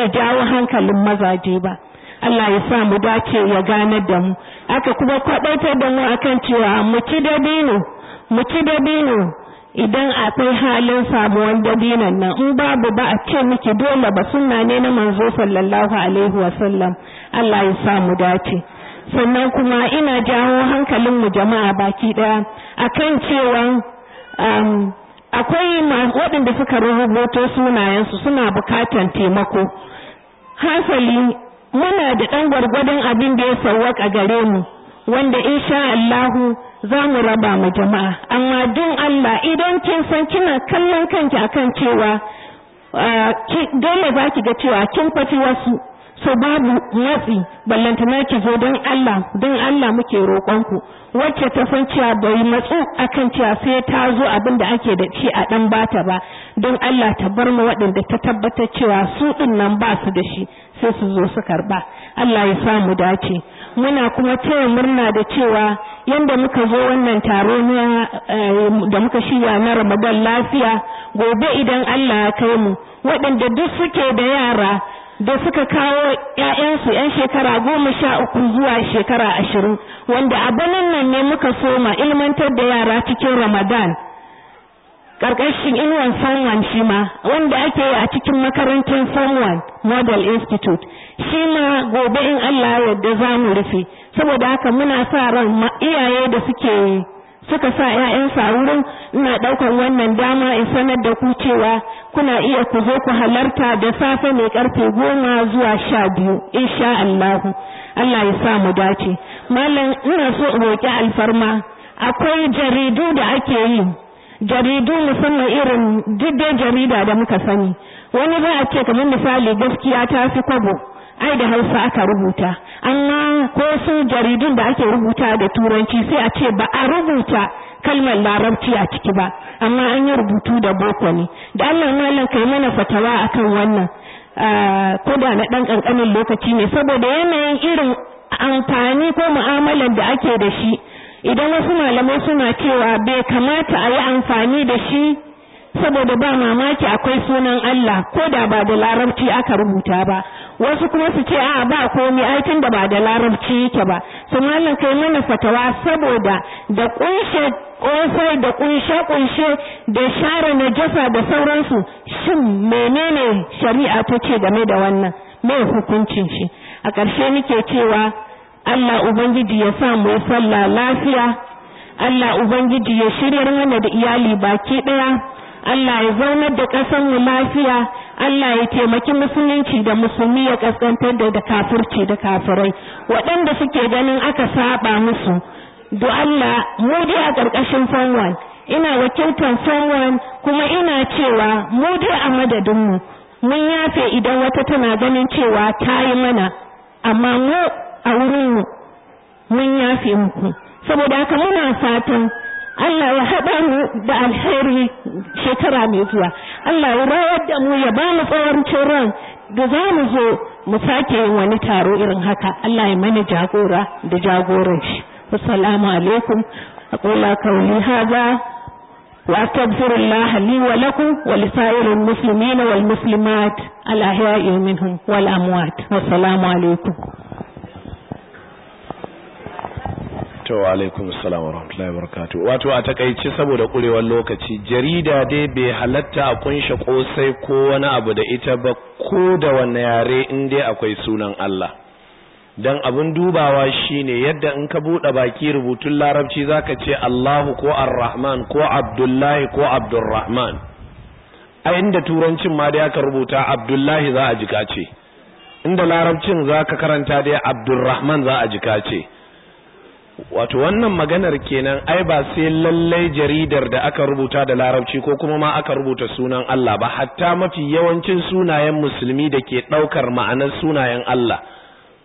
ya jawo hankalin mazaje ba Allah ya sa mu dace ya gane da mu aka kuma kwaɗaitar da mu akan cewa mu ci dabino mu ci dabino idan akwai halin sabuwar dabinan nan in babu ba a ce miki dole ba sunna ne na manzo sallallahu alaihi wa sallam Allah ya sa mu dace sannan kuma ina jawo hankalin mu jama'a baki ɗaya akan cewa um, akwai waɗanda suka rubuta sunayensu suna bukatan taimako hasali muna da ɗan gwargwadon abin da ya sauwaka gare mu wanda insha Allahu za mu raba mu jama'a amma don Allah idan kin san kina kallon kanki akan cewa ah, dole za ki ga cewa kin fafi wasu so babu matsi ballantana ki zo don Allah don Allah muke roƙonku wacce ta san cewa bai matsu akan cewa sai ta zo abin da ake da ci a dan bata ba don Allah ta bar mu waɗanda ta tabbatar cewa su din nan ba su da shi sai su zo su karba Allah ya sa mu dace muna kuma taya murna da cewa yanda muka zo wannan taro eh, da muka shirya na Ramadan lafiya gobe idan Allah ya kai mu waɗanda duk suke da yara da suka kawo ‘ya'yansu ‘yan shekara goma sha uku zuwa shekara ashirin wanda a banan nan ne muka soma ilmantar da yara cikin ramadan ƙarƙashin inuwan form shi ma wanda ake yi a cikin makarantar form model institute shi ma gobe in allah yadda za mu rufe saboda haka muna sa ran iyaye da suke suka sa ‘ya'yansa a wurin ina ɗaukar wannan dama in sanar da ku cewa kuna iya ku zo ku halarta da safe mai karfe goma zuwa sha biyu insha Allah Allah ya sa mu dace mallam ina so in roƙi alfarma akwai jaridu da ake yi jaridu musamman irin duk jarida da muka sani wani za a ce kamar misali gaskiya ta fi kwabo ai da hausa aka rubuta amma ko su jaridun da ake rubuta da turanci sai a ce ba a rubuta kalmar larabci a ciki ba amma an yi rubutu da boko ne da Allah malam kai mana fatawa akan wannan ah, ko da na dan kankanin lokaci ne saboda yanayin irin amfani ko mu'amalar da ake da shi idan wasu malamai suna cewa bai kamata a yi amfani da shi saboda ba mamaki akwai sunan Allah ko da ba da larabci aka rubuta ba wasu kuma su ce a ba komi ai tunda ba da larabci yake ba su mallan kai mana fatawa saboda da kunshe kosai da kunshe kunshe da share na jasa da sauransu shin menene shari'a ta ce game da wannan me hukuncin shi a ƙarshe nake cewa Allah ubangiji ya sa mu sallah lafiya Allah ubangiji ya shiryar mana da iyali baki daya Allah ya zaunar da ƙasar mu lafiya Allah ya taimaki musulunci da musulmi ya kaskantar da da kafirci da kafirai waɗanda suke ganin aka saba musu do Allah mu dai a ƙarƙashin fanwan ina wakiltar fanwan kuma ina cewa mu dai a madadinmu mun yafe idan wata tana ganin cewa ta yi mana amma mu a wurinmu mun yafe muku saboda haka muna fatan Allah ya haɗa mu da alheri shekara mai zuwa Allah ya rawar da mu ya ba mu tsawancin ran da za mu zo mu sake yin wani taro irin haka Allah ya mana jagora da jagoran jagoranci assalamu alaikum aqula qawli hadha wa astaghfirullah li wa lakum wa li sa'iril muslimin wal muslimat al ahya'i minhum wal amwat wassalamu alaikum to alaikun wa rahmatullahi wa wato a takaici saboda kurewar lokaci jarida dai bai halatta a kunshe kosai ko wani abu da ita ba ko da wani yare in akwai sunan Allah Don abin dubawa shi ne yadda in ka buɗe baki rubutun larabci za ka ce Allahu ko Ar-Rahman ko Abdullahi ko Abdurrahman a inda turancin ma da aka rubuta Abdullahi za a jika ce inda larabcin za ka karanta dai Abdurrahman za a jika ce wato wannan maganar kenan ai ba sai lallai jaridar da aka rubuta da larabci ko kuma ma aka rubuta sunan Allah ba hatta mafi yawancin sunayen musulmi da ke ɗaukar ma'anar sunayen Allah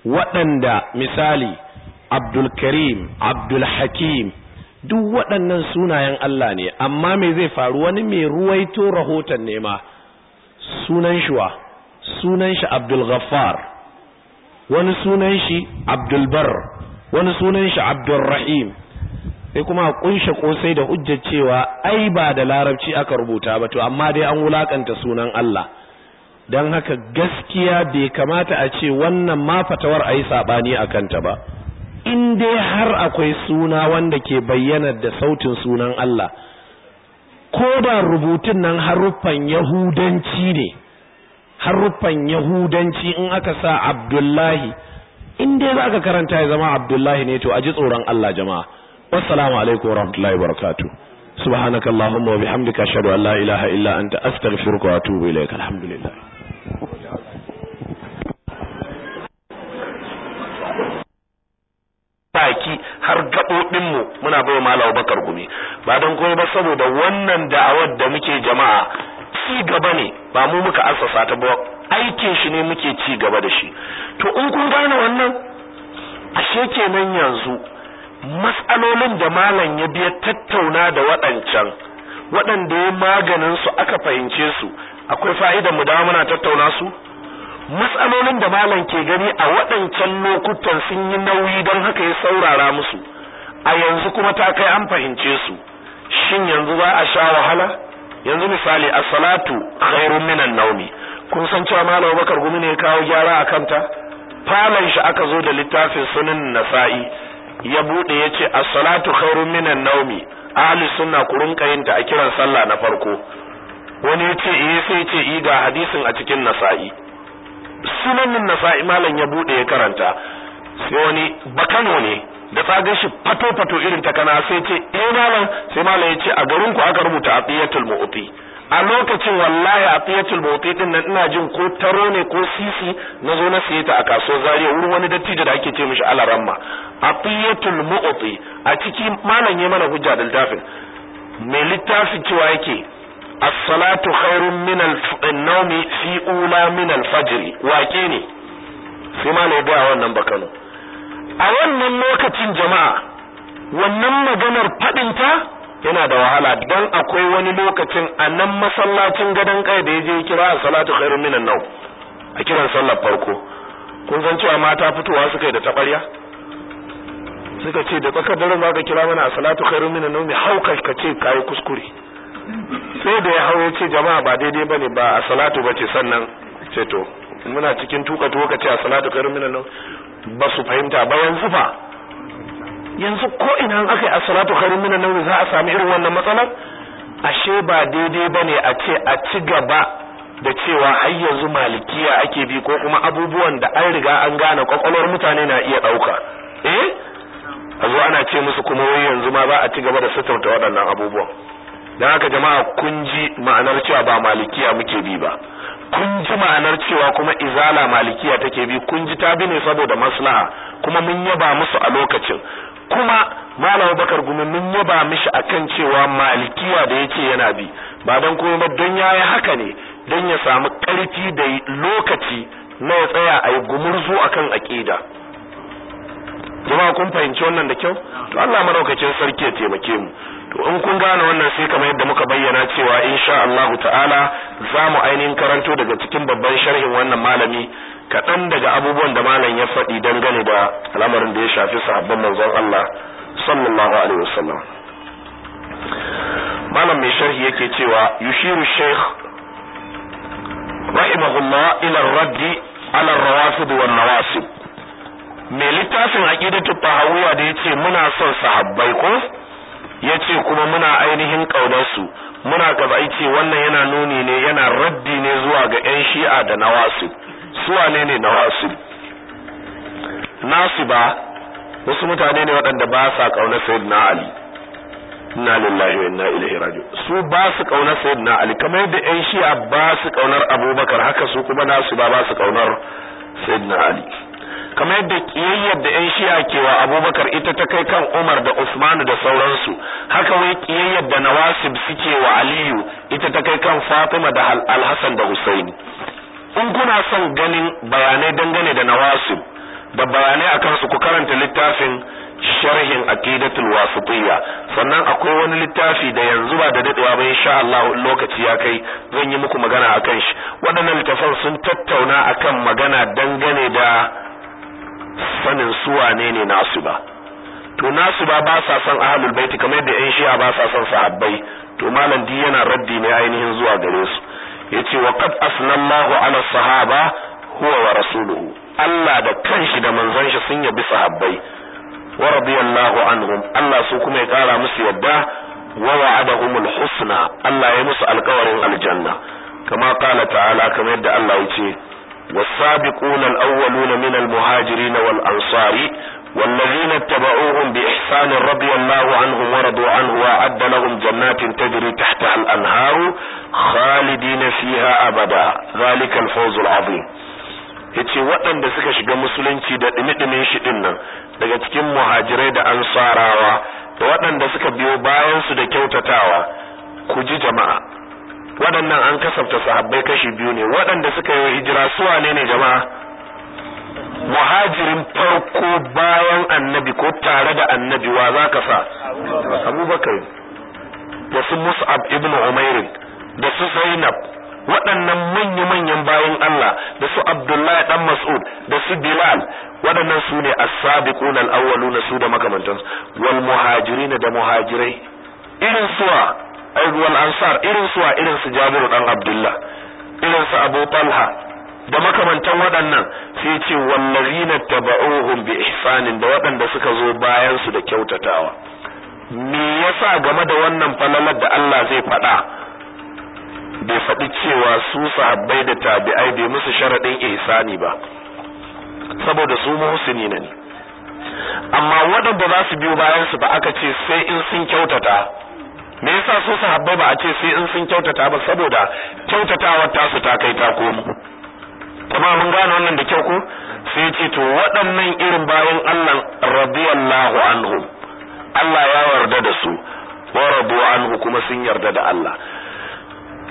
waɗanda misali Abdul Karim Abdul Hakim duk waɗannan sunayen Allah ne amma me zai faru wani mai ruwaito rahoton ne ma sunan shi wa sunan shi Abdul Ghaffar wani sunan shi Abdul Barr wani sunan shi abdurrahim sai kuma a kunshe kosai da hujjar cewa ai ba da larabci aka rubuta ba to amma dai an wulakanta sunan Allah don haka gaskiya bai kamata a ce wannan ma fatawar a yi saɓani a kanta ba in dai har akwai suna wanda ke bayyana da sautin sunan Allah ko da rubutun nan haruffan yahudanci ne haruffan yahudanci in aka sa abdullahi in dai za ka karanta ya zama abdullahi ne to a ji tsoron Allah jama'a wassalamu alaikum warahmatullahi wabarakatuh subhanaka allahumma wa bihamdika ashhadu an la ilaha illa anta astaghfiruka wa atubu ilaik alhamdulillah baki har gabobin mu muna bai malam bakar gumi ba don koyi ba saboda wannan da'awar da muke jama'a ci gaba ne ba mu muka assasa ta ba aikin shi ne muke ci gaba da shi to in kun gane wannan ashe kenan yanzu matsalolin da malam ya biya tattauna da waɗancan waɗanda ya maganin su aka fahimce su akwai fa'idar mu da muna tattauna su matsalolin da malam ke gani a waɗancan lokutan sun yi nauyi don haka ya saurara musu a yanzu kuma ta kai an fahimce su shin yanzu za a sha wahala yanzu misali as-salatu khairun minan naumi kun san cewa malam bakar gumi ne ya kawo gyara a kanta falon shi aka zo da littafin sunan nasa'i ya bude ya ce as-salatu khairun minan naumi ahli sunna ku rinka yin ta a kiran sallah na farko wani ya ce eh sai ce eh ga hadisin a cikin nasa'i sunan nasa'i malam ya bude ya karanta sai wani bakano ne da tsagar shi fato fato irin ta kana sai ce eh malam sai malam ya ce a garin ku aka rubuta a tsiyatul mu'ti a lokacin wallahi a fiyatul bauti din nan ina jin ko taro ne ko sisi na zo na siye ta a kasuwar zariya wurin wani dattijo da ake ce mishi alaramma a fiyatul mu'ti a ciki malam ya mana hujja da littafin mai littafin cewa yake as-salatu khairun min al-nawmi fi ula min al-fajr wake ne sai malam ya ga wannan bakano a wannan lokacin jama'a wannan maganar fadin ta yana da wahala don akwai wani lokacin a nan masallacin gadon kai da ya je kira a salatu khairun minan nau a kiran sallar farko kun san cewa mata fitowa suka yi da tabarya suka ce da tsakar dare za ka kira mana a salatu khairun minan nau mai hauka ka ce kayi kuskure sai da ya hau ya ce jama'a ba daidai ba ne ba a salatu ba ce sannan ce to muna cikin tuka tuka ce a salatu khairun minan nau ba su fahimta ba yanzu ba. yanzu ko ina aka yi asalatu salatu khairun minan za a sami irin wannan matsalar ashe ba daidai bane a ce a ci gaba da cewa har yanzu malikiya ake bi ko kuma abubuwan da an riga an gane kwakwalwar mutane na iya ɗauka eh a zo ana ce musu kuma wai yanzu ma za a ci gaba da sassauta waɗannan abubuwan don haka jama'a kun ji ma'anar cewa ba malikiya muke bi ba kun ji ma'anar cewa kuma izala malikiya take bi kun ji ta bi ne saboda maslaha kuma mun yaba musu a lokacin kuma malam bakar gumi mun yaba mishi akan cewa malikiya da yake yana bi ba dan kuma ba don yayi haka ne don ya samu karfi da lokaci na ya tsaya a yi gumurzu akan aƙida jama'a kun fahimci wannan da kyau to Allah madaukakin sarki ya taimake mu to in kun gane wannan sai kamar yadda muka bayyana cewa insha Allah ta'ala za mu ainihin karanto daga cikin babban sharhin wannan malami kaɗan daga abubuwan da malam ya faɗi dangane da al'amarin da ya shafi sahabban manzon Allah sallallahu alaihi wasallam malam mai sharhi yake cewa yushiru sheikh rahimahullah ila raddi ala rawafid wa nawasib mai littafin aqidatu tahawiyya da yace muna son sahabbai ko yace kuma muna ainihin ƙaunarsu muna gaba yace wannan yana nuni ne yana raddi ne zuwa ga yan shi'a da nawasib suwane ne nasu ba. wasu mutane ne waɗanda ba sa ƙaunar na ali na lillahi wa inna ilaihi raji'un su ba su ƙaunar na ali kamar yadda ƴan shi'a ba su ƙaunar abubakar haka su kuma nasu ba su ƙaunar na ali kamar yadda ƙiyayyar da yan shi'a wa abubakar ita ta kai kan umar da usmanu da sauransu haka wai ƙiyayyar da nawasib suke wa aliyu ita ta kai kan fatima da alhassan da husaini in kuna son ganin bayanai dangane da nawasu da bayanai a kansu ku karanta littafin sharhin aqidatul wasitiyya sannan akwai wani littafi da yanzu ba da dadewa ba insha Allah lokaci ya kai zan yi muku magana akan shi waɗannan littafan sun tattauna akan magana dangane da sanin su wane ne nasu ba to nasu ba ba sa son ahlul baiti kamar yadda yan shi'a ba sa son sahabbai to malam di yana raddi ne ainihin zuwa gare su yace wa qad asnallahu ala sahaba huwa wa rasuluhu Allah da kanshi da manzon shi sun yabi sahabbai wa radiyallahu anhum Allah su kuma ya kara musu yadda wa wa'adahumul husna Allah ya musu alƙawarin aljanna kama qala ta'ala kamar yadda Allah ya ce والسابقون الأولون من المهاجرين والأنصار والذين اتبعوهم بإحسان رضي الله عنهم ورضوا عنه وأعد لهم جنات تجري تحتها الأنهار خالدين فيها أبدا ذلك الفوز العظيم yace waɗanda suka shiga musulunci da ɗimi-ɗimin shi ɗin nan daga cikin muhajirai da ansarawa da waɗanda suka biyo bayansu da kyautatawa ku ji jama'a waɗannan an kasafta sahabbai kashi biyu ne waɗanda suka yi hijira suwa ne ne jama'a muhajirin farko bayan annabi ko tare da annabi wa za ka sa abubakar da su mus'ab ibn umairin da su zainab waɗannan manya-manyan bayan Allah da su Abdullahi dan Mas'ud da su Bilal waɗannan su ne as-sabiquna al-awwaluna su da makamantansu wal muhajirin da muhajirai irin suwa wal ansar irin suwa irin su Jabiru dan Abdullah irin su Abu Talha da makamantan waɗannan sai ce wallazina taba'uhum bi ihsanin da waɗanda suka zo bayan su da kyautatawa me yasa game da wannan falalar da Allah zai faɗa bai faɗi cewa su sahabbai da tabi'ai bai musu sharaɗin ihsani ba saboda su muhsini ne amma waɗanda za su biyo bayan su ba aka ce sai in sun kyautata me yasa su sahabbai ba a ce sai in sun kyautata ba saboda kyautatawar tasu ta kai ta komo amma mun gane wannan da kyau ko sai ce to waɗannan irin bayan Allah radiyallahu anhum Allah ya yarda da su wa radu anhu kuma sun yarda da Allah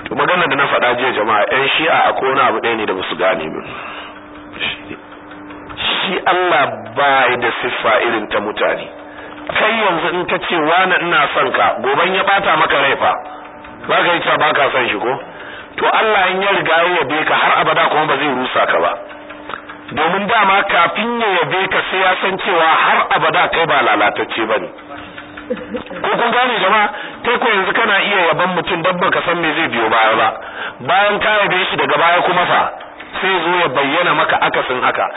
to magana da na faɗa jiya jama'a ɗan shi'a a kona abu ɗaya ne da su gane ba shi Allah ba da siffa irin ta mutane kai yanzu in ka ce wani ina son ka goban ya bata maka rai fa ba ka yi ta ba ka son shi ko to Allah in ya riga ya yabe ka har abada kuma ba zai rusa ka ba domin dama kafin ya yabe ka sai ya san cewa har abada kai ba lalatacce ne. ko kun gane jama'a kai ko yanzu kana iya yaban mutum dan baka san me zai biyo baya ba bayan ka yabe shi daga baya kuma fa sai zo ya bayyana maka akasin haka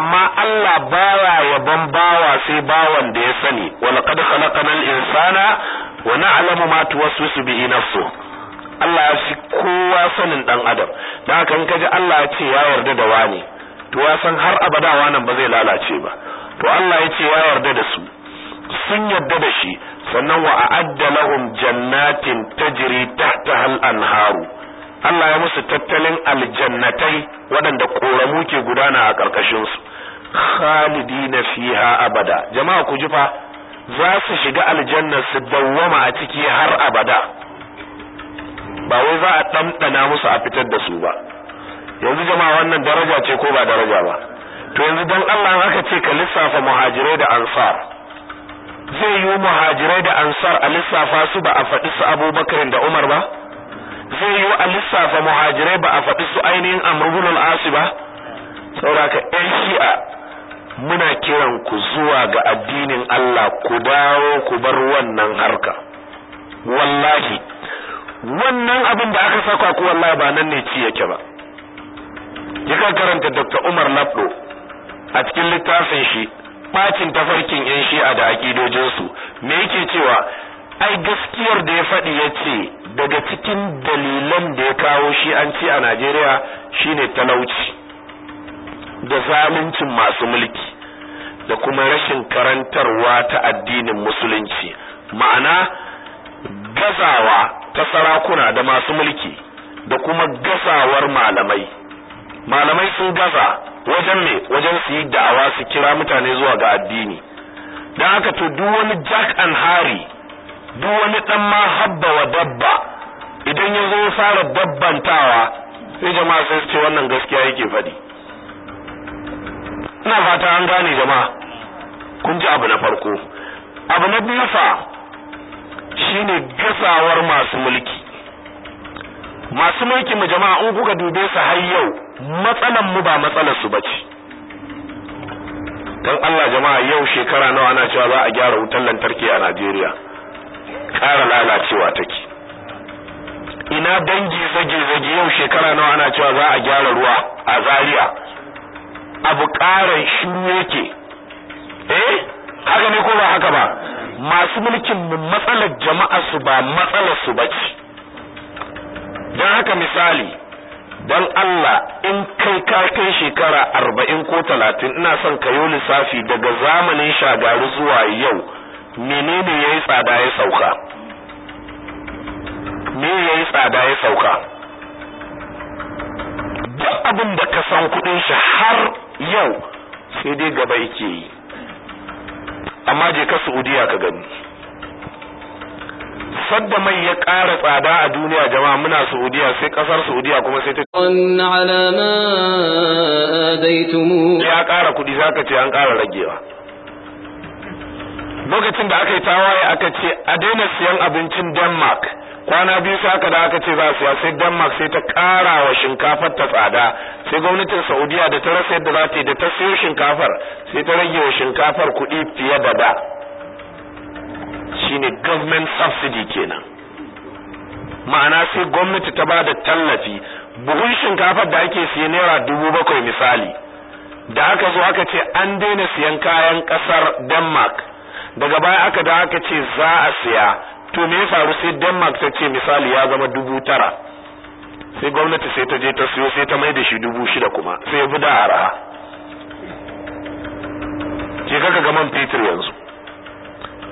amma Allah baya yaban bawa sai bawan da ya sani wa laqad khalaqnal insana wa na'lamu ma tuwaswisu bihi nafsuhu Allah ya fi kowa sanin dan adam da haka in Allah ya ce ya yarda da wani to ya san har abada wannan ba zai lalace ba to Allah ya ce ya yarda da su sun yarda da shi sannan wa a'adda lahum jannatin tajri tahtaha al-anharu Allah ya musu tattalin aljannatai waɗanda koramu ke gudana a ƙarƙashinsu khalidina fiha abada jama'a ku ji za su shiga aljanna su dawwama a ciki har abada ba wai za a ɗanɗana musu a fitar da su ba yanzu jama'a wannan daraja ce ko ba daraja ba to yanzu don Allah aka ce ka lissafa muhajirai da ansar zai yi muhajirai da ansar a lissafa su ba a faɗi su abubakar da umar ba zai yi a lissafa muhajirai ba a faɗi su ainihin amrubun al'asu ba sauraka yan shi'a muna kiran ku zuwa ga addinin Allah ku dawo ku bar wannan harka wallahi wannan abin da aka saka ku wallahi ba nan ne ci yake ba yakan karanta Dr. Umar Labdo a cikin littafin shi bacin tafarkin yan shi'a da akidojinsu me yake cewa ai gaskiyar da ya faɗi ya ce daga cikin dalilan da ya kawo shi an ci a Najeriya shine talauci da zaluncin masu mulki da kuma rashin karantarwa ta addinin musulunci ma'ana gazawa ta sarakuna da masu mulki da kuma gasawar malamai malamai sun gasa wajen me wajen su yi da'awa su kira mutane zuwa ga addini don haka to duk wani jack and harry duk wani dan ma habba wa dabba idan ya zo fara dabbantawa sai jama'a sai su ce wannan gaskiya yake faɗi ina fata an gane jama'a kun ji abu na farko abu na biyu fa shine gasawar masu mulki masu mulki mu jama'a in kuka dube su har yau matsalan mu ba matsalar su bace dan Allah jama'a yau shekara nawa ana cewa za a gyara wutar lantarki a Najeriya kara lalacewa take ina dangi zage zage yau shekara nawa ana cewa za a gyara ruwa a Zaria abu karan shiru yake eh haka ne ko ba haka ba masu mulkin mu matsalar jama'a su ba matsalar su bace dan haka misali dan Allah in kai ka kai shekara arba'in ko talatin ina son ka yi lissafi daga zamanin shagaru zuwa yau menene ya tsada ya sauka me yayi tsada ya sauka duk abin da ka san kudin shi har yau sai dai gaba yake yi amma je ka saudiya ka gani sadda mai ya ƙara tsada a duniya jama'a muna saudiya sai ƙasar saudiya kuma sai ta ya ƙara kuɗi za ce an ƙara ragewa lokacin da aka yi tawaye aka ce a daina siyan abincin denmark kwana biyu sai aka da aka ce za su ya sai denmark sai ta kara wa shinkafar ta tsada sai gwamnatin saudiya da ta rasa yadda za ta yi da ta siyo shinkafar sai ta rage wa shinkafar kuɗi fiye da da shine government subsidy kenan ma'ana sai gwamnati ta ba da tallafi buhun shinkafar da ake siye naira dubu bakwai misali da aka zo aka ce an daina siyan kayan ƙasar denmark daga baya aka da aka ce za a siya to me ya faru sai denmark ta ce misali ya zama dubu tara sai gwamnati sai ta je ta siyo sai ta mai da shi dubu shida kuma sai ya da raha. ke kaka ga man fetur yanzu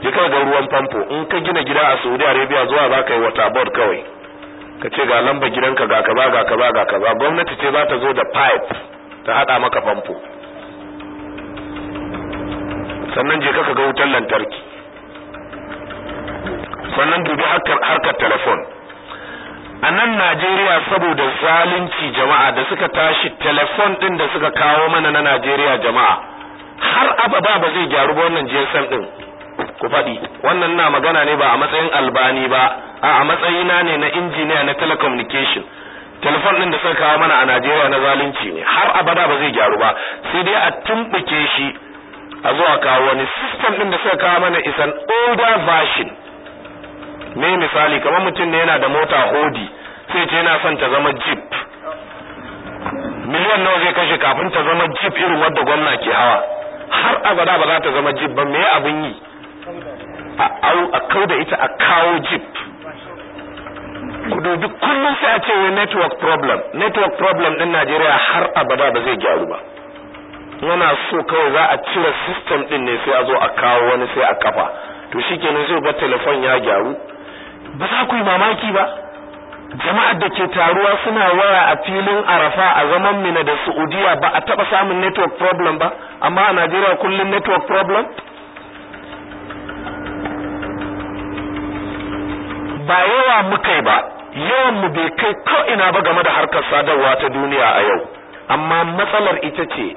ke kaka ga ruwan famfo in ka gina gida a saudi arabia zuwa za ka yi wata board kawai ka ce ga lamba gidanka ga kaza ga kaza ga kaza gwamnati ce za ta zo da pipe ta hada maka famfo sannan je kaka ga wutar lantarki sannan dubi harkar telefon a nan najeriya saboda zalunci jama'a da suka tashi telefon din da suka kawo mana na najeriya jama'a har ababa ba zai gyaru ba wannan gsm din ku faɗi wannan na magana ne ba a matsayin albani ba a matsayina ne na injiniya na telecommunication telefon din da suka kawo mana a najeriya na zalunci ne har abada ba zai gyaru ba sai dai a tumɓuke shi a zuwa kawo wani system din da suka kawo mana isan older version me misali kamar mutum ne yana da mota hodi sai ce yana son ta zama jeep miliyan nawa zai kashe kafin ta zama jeep irin wadda gwamna ke hawa har abada ba za ta zama jeep ba me abin yi a kau da ita a kawo jeep kudu duk kullum sai a ce wai network problem network problem din Najeriya har abada ba zai gyaru ba yana so kawai za a cire system din ne sai a zo a kawo wani sai a kafa to shikenan sai ga telefon ya gyaru ba za ku yi mamaki ba jama'ar da ke taruwa suna waya a filin arafa a zaman mina da saudiya ba a taba samun network problem ba amma a najeriya kullum network problem ba yawa muka ba yawan mu bai kai ko ina ba game da harkar sadarwa ta duniya a yau amma matsalar ita ce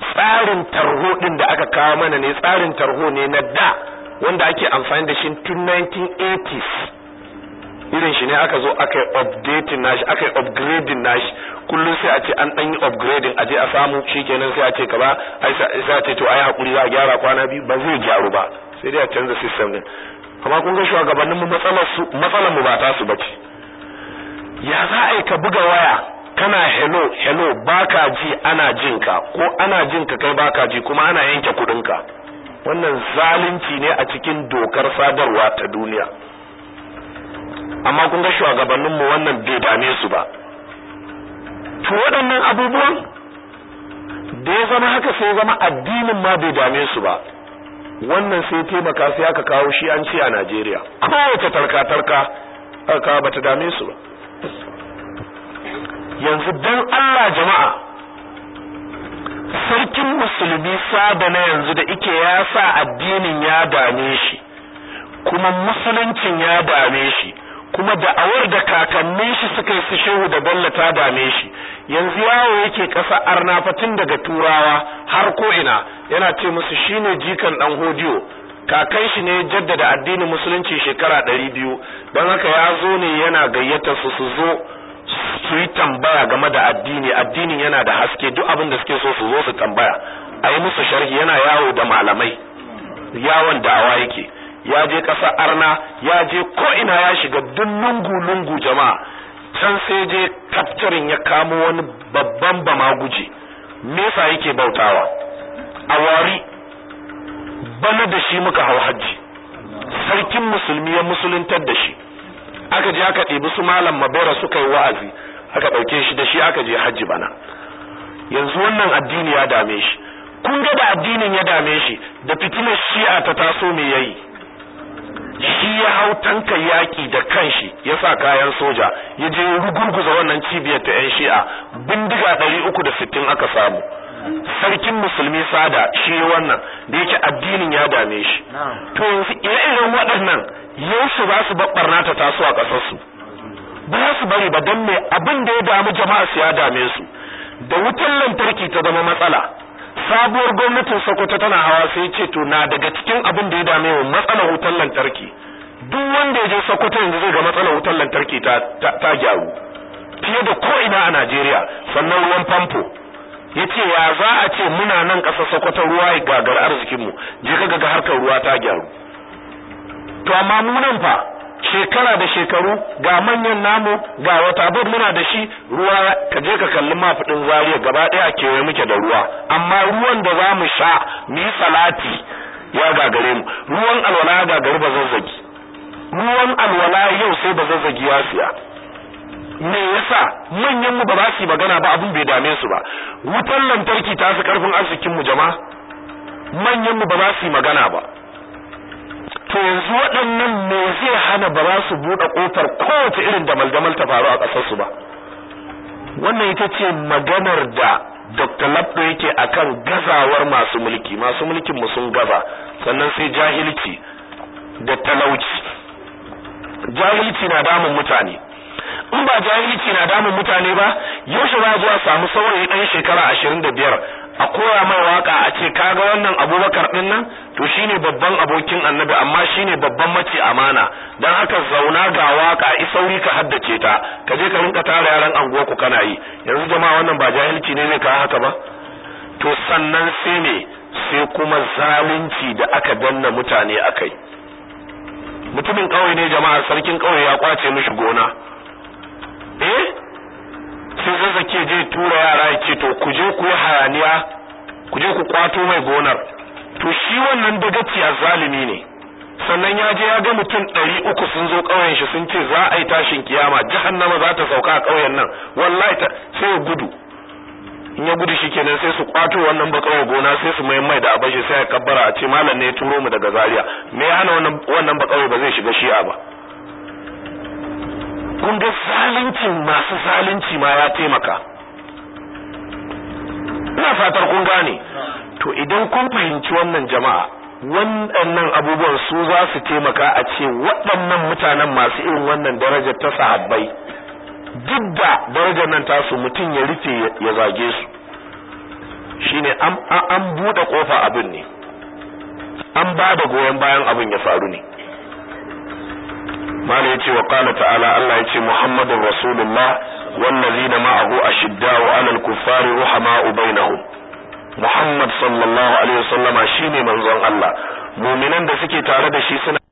tsarin tarho din da aka kawo mana ne tsarin tarho ne na da wanda ake amfani da shi tun 1980s irin shi ne aka zo aka yi updating nashi aka yi upgrading nashi kullum sai a ce an dan yi upgrading a je a samu shikenan sai a ce kaza ai sai a ce to ai hakuri za a gyara kwana biyu ba zai gyaru ba sai dai a canza system din amma kun ga shugabannin mu matsalar su matsalar mu ba ta su bace ya za a yi ka buga waya kana hello hello baka ji ana ka ko ana jin ka kai baka ji kuma ana yanke ka wannan zalunci ne a cikin dokar sadarwa ta duniya amma kun ga shugabanninmu wannan bai dame su ba to waɗannan abubuwan da ya zama haka sai zama addinin ma bai dame su ba wannan sai taimaka sai aka kawo shi an ce a Najeriya kowace tarka tarka aka bata dame su ba yanzu dan Allah jama'a sarkin musulmi saba na yanzu da ike ya sa addinin ya dame shi kuma musuluncin ya dame shi kuma da'awar da kakannin shi suka yi su shehu da bello ta dame shi yanzu yawo yake ƙasa arnafatin daga turawa har ko ina yana ce musu shine jikan dan hodiyo kakan shi ne jaddada addinin musulunci shekara ɗari biyu don haka ya zo ne yana gayyata su su zo su yi tambaya game da addini addinin yana da haske duk abin da suke so su zo su tambaya a yi musu sharhi yana yawo da malamai yawon da'awa yake ya je ƙasar arna ya je ko ina ya shiga duk lungu lungu jama'a can sai je kaftarin ya kamo wani babban bamaguje me yasa yake bautawa a wari bana da shi muka hau hajji sarkin musulmi ya musuluntar da shi aka je aka ɗebi su malam mabera suka yi wa'azi aka ɗauke shi da shi aka je hajji bana yanzu wannan addini ya dame shi kun ga da addinin ya dame shi da fitilar shi'a ta taso me yayi shi ya hau tankar yaƙi da kanshi ya sa kayan soja ya je rugurguza wannan cibiyar ta 'yan shi'a bindiga ɗari uku da sittin aka samu sarkin musulmi sada shi wannan da yake addinin ya dame shi to yanzu ire waɗannan yansu za su babbarna ta taso a ƙasarsu ba su bari ba don me abin da ya damu jama'a su ya dame su da wutar lantarki ta zama matsala sabuwar gwamnatin sokoto tana hawa sai ce to na daga cikin abin da ya dame wa matsalar wutar lantarki duk wanda ya je sokoto yanzu zai ga matsalar wutar lantarki ta gyaru fiye da ko ina a Najeriya sannan ruwan famfo ce ya za a ce muna nan ƙasar sokoto ruwa ya gagar arzikin mu je kaga ga harkar ruwa ta gyaru to amma mu nan fa shekara da shekaru ga manyan namu ga wata bod muna da shi ruwa ka je ka kalli mafiɗin zariya gaba ɗaya a kewaye muke da ruwa amma ruwan da za mu sha mu yi salati ya gagare mu ruwan alwala ya gagari ba zazzagi ruwan alwala yau sai ba zazzagi ya siya me yasa manyan mu ba za su yi magana ba abin bai dame su ba wutar lantarki ta su karfin arzikin mu jama'a manyan mu ba za su yi magana ba to yanzu me zai hana ba za su buɗe kofar kowace irin da damal ta faru a ƙasarsu ba wannan ita ce maganar da dr labdo yake akan gazawar masu mulki masu mulkin mu sun gaza sannan sai jahilci da talauci jahilci na damun mutane in ba jahilci na damun mutane ba yaushe za zuwa samu saurayi ɗan shekara ashirin da biyar a koya mai waka a ce kaga wannan abubakar din nan to shine babban abokin annabi amma shine babban mace amana dan haka zauna ga waka sauri ka haddace ta ka je ka rinka tara yaran anguwa ku kana yi yanzu jama'a wannan ba jahilci ne ne ka haka ba to sannan sai ne sai kuma zalunci da aka danna mutane akai mutumin kauye ne jama'a sarkin kauye ya kwace mishi gona yake je tura yara ya ce to ku je ku hayaniya ku je ku kwato mai gonar to shi wannan dagaciya zalimi ne sannan ya je ya ga mutum ɗari uku sun zo ƙauyen shi sun ce za a yi tashin kiyama jahannama za ta sauka a ƙauyen nan wallahi ta sai ya gudu in ya gudu shi kenan sai su kwato wannan bakawar gona sai su mai mai da abashi sai ya kabbara a ce malam ne ya turo mu daga zaria me ya hana wannan bakawar ba zai shiga shi'a ba kun ga masu zalunci ma ya taimaka ina fatar kun gane to idan kun fahimci wannan jama'a waɗannan abubuwan su za su taimaka a ce waɗannan mutanen masu irin wannan daraja ta sahabbai duk da darajar nan tasu mutum ya rufe ya zage su shine an buɗe ƙofa abin ne an ba da goyon bayan abin ya faru ne mala yace wa qala ta'ala Allah yace Muhammadur Rasulullah wallazina ma'ahu ashidda'u 'alal kuffari ruhama'u bainahum Muhammad sallallahu alaihi wasallama shine manzon Allah mu'minan da suke tare da shi suna